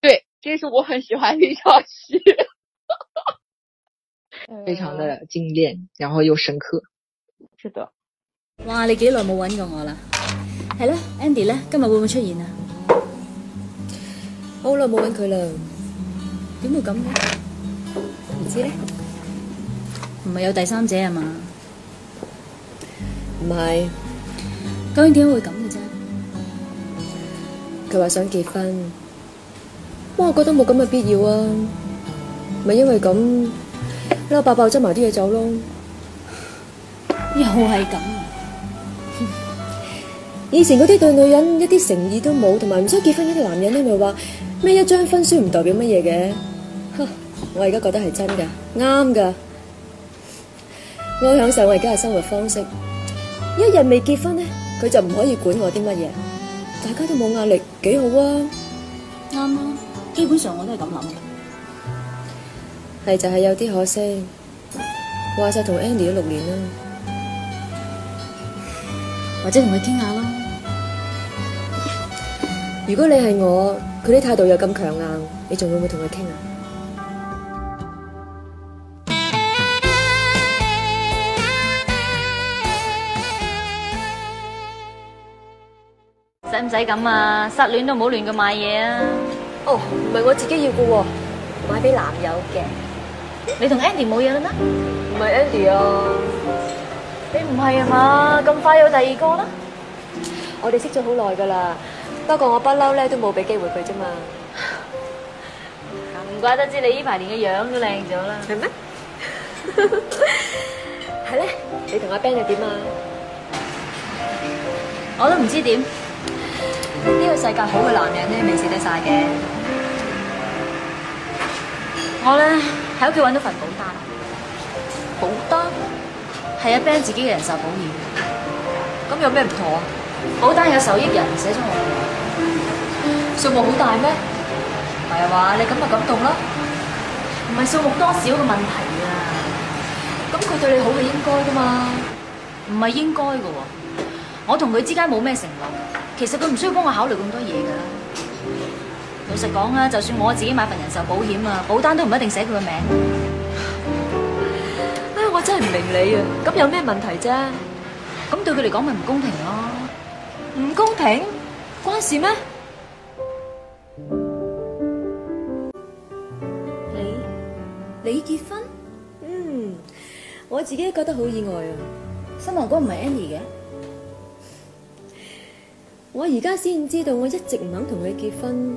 對，這是我很喜歡那場戲， 非常的精煉，然後又深刻。嗯，是的，哇，你幾耐冇揾過我啦？係啦，Andy 呢？今日會唔會出現啊？好耐冇揾佢啦，點會咁嘅？唔知咧，唔係有第三者係嘛？唔係，究竟點解會咁嘅啫？佢話想結婚。我覺得冇咁嘅必要啊，咪因為咁嬲爆爆執埋啲嘢走咯、啊。又係咁、啊， 以前嗰啲對女人一啲誠意都冇，同埋唔想結婚嗰啲男人咧，咪話咩一張婚書唔代表乜嘢嘅？我而家覺得係真噶，啱噶。我享受我而家嘅生活方式，一日未結婚咧，佢就唔可以管我啲乜嘢，大家都冇壓力，幾好啊，啱啊。基本上我都係咁諗嘅，係就係有啲可惜，話晒同 Andy 六年啦，或者同佢傾下咯。如果你係我，佢啲態度又咁強硬，你仲會唔會同佢傾啊？使唔使咁啊？失戀都唔好亂咁買嘢啊！哦，唔係我自己要嘅喎，買俾男友嘅。你同 Andy 冇嘢啦咩？唔係 Andy 啊，你唔係啊嘛？咁快有第二個啦？我哋識咗好耐噶啦，不過我不嬲咧都冇俾機會佢啫嘛。唔怪得知你依排年嘅樣都靚咗啦。係咩？係 咧， 你同阿 Ben 又點啊？我都唔知點。呢、這個世界好嘅男人咧，未死得晒嘅。我咧喺屋企揾到份保單，保單係阿 Ben 自己嘅人壽保險。咁 有咩唔妥啊？保單有受益人寫咗我， 數目好大咩？係啊嘛，你咁咪感動啦，唔 係數目多少嘅問題啊，咁 佢對你好係應該噶嘛，唔係應該噶，我同佢之間冇咩承諾。其實佢唔需要幫我考慮咁多嘢噶。老實講啊，就算我自己買份人壽保險啊，保單都唔一定寫佢嘅名。哎呀，我真係唔明你啊！咁有咩問題啫？咁對佢嚟講咪唔公平咯？唔公平？關事咩？你你結婚？嗯，我自己都覺得好意外啊！新郎哥唔係 Annie 嘅？我而家先知道，我一直唔肯同佢結婚，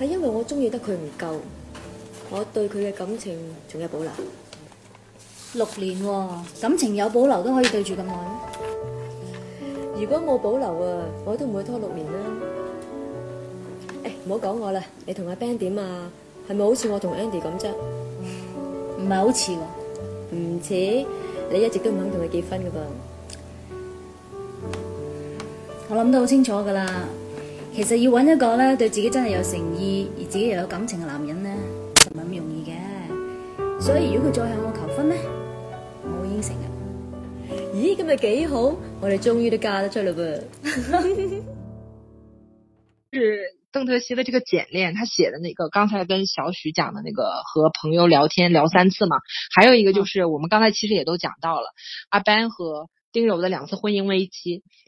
係因為我中意得佢唔夠，我對佢嘅感情仲有保留。六年喎。哦，感情有保留都可以對住咁耐。如果冇保留啊，我都唔會拖六年啦。誒、哎，唔好講我啦，你同阿 Ben 點啊？係咪好似我同 Andy 咁啫？唔係好似喎，唔似，你一直都唔肯同佢結婚㗎噃。我諗得好清楚噶啦，其實要搵一個咧對自己真係有誠意，而自己又有感情嘅男人咧，就唔係咁容易嘅。所以如果佢再向我求婚咧，我會應承嘅。咦，咁咪幾好？我哋終於都嫁得出嘞噃！ 是鄧特希的這個簡練，他寫的那個，剛才跟小許講的那個，和朋友聊天聊三次嘛。還有一個就是，嗯、我們剛才其實也都講到了阿 Ben 和丁柔的兩次婚姻危機。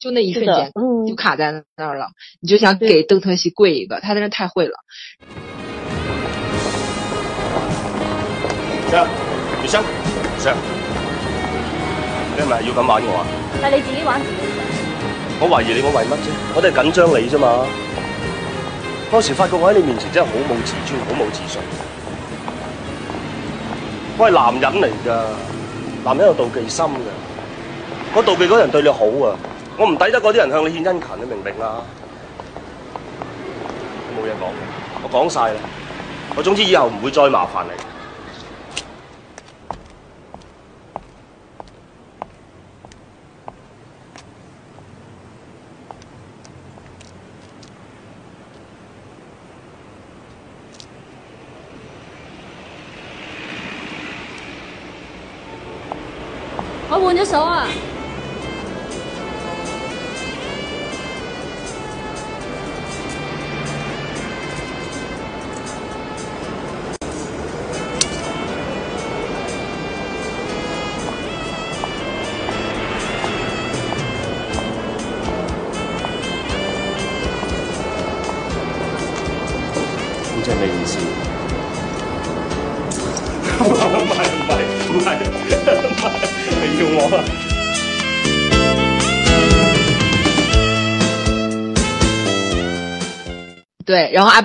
就那一瞬間，就卡在那兒了。你就想給鄧特希跪一個，他那人太會了。Sir, Michelle, Sir 你餘生，係咪要咁玩我啊？但你自己玩自己。我懷疑你我為什麼，我為乜啫？我哋係緊張你啫嘛。當時發覺我喺你面前真係好冇自尊，好冇自信。我係男人嚟噶，男人有妒忌心噶。我妒忌嗰人對你好啊。我唔抵得嗰啲人向你獻殷勤，你明唔明啊？我冇嘢講，我講晒啦。我總之以後唔會再麻煩你。我換咗鎖啊！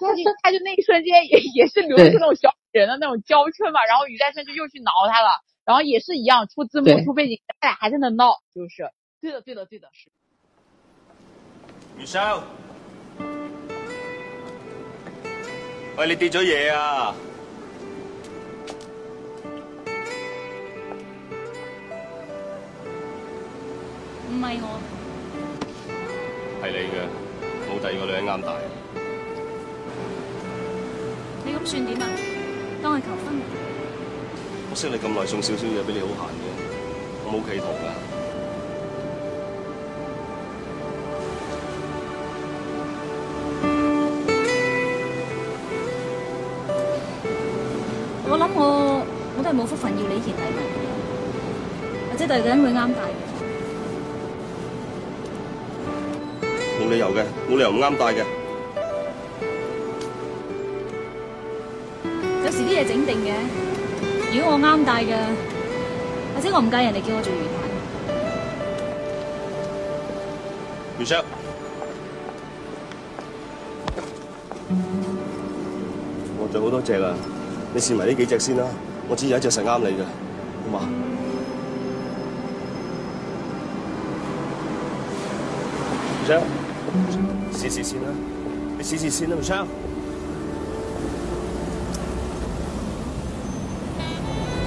他 就他就那一瞬間也也是流露出那種小人的那種嬌嗔嘛，然後余在春就又去撓他了，然後也是一樣出字幕、出背景，他倆還在那鬧，就是，對的對的對的，余生，喂，你跌咗嘢啊？唔係我，係你嘅，冇第二個女人啱大。你咁算點啊？當係求婚了？我識你咁耐，送少少嘢俾你好閒嘅，我冇企圖噶。我諗我我都係冇福分要你件禮物，或者第二個人會啱戴嘅，冇理由嘅，冇理由唔啱戴嘅。.有時啲嘢整定嘅，如果我啱戴嘅，或者我唔介意人哋叫我做魚蛋。魚生，我着好多隻啦，你試埋呢幾隻先啦，我只有一隻係啱你嘅，好嘛？魚生，試 試先啦，你試試先啦，魚生。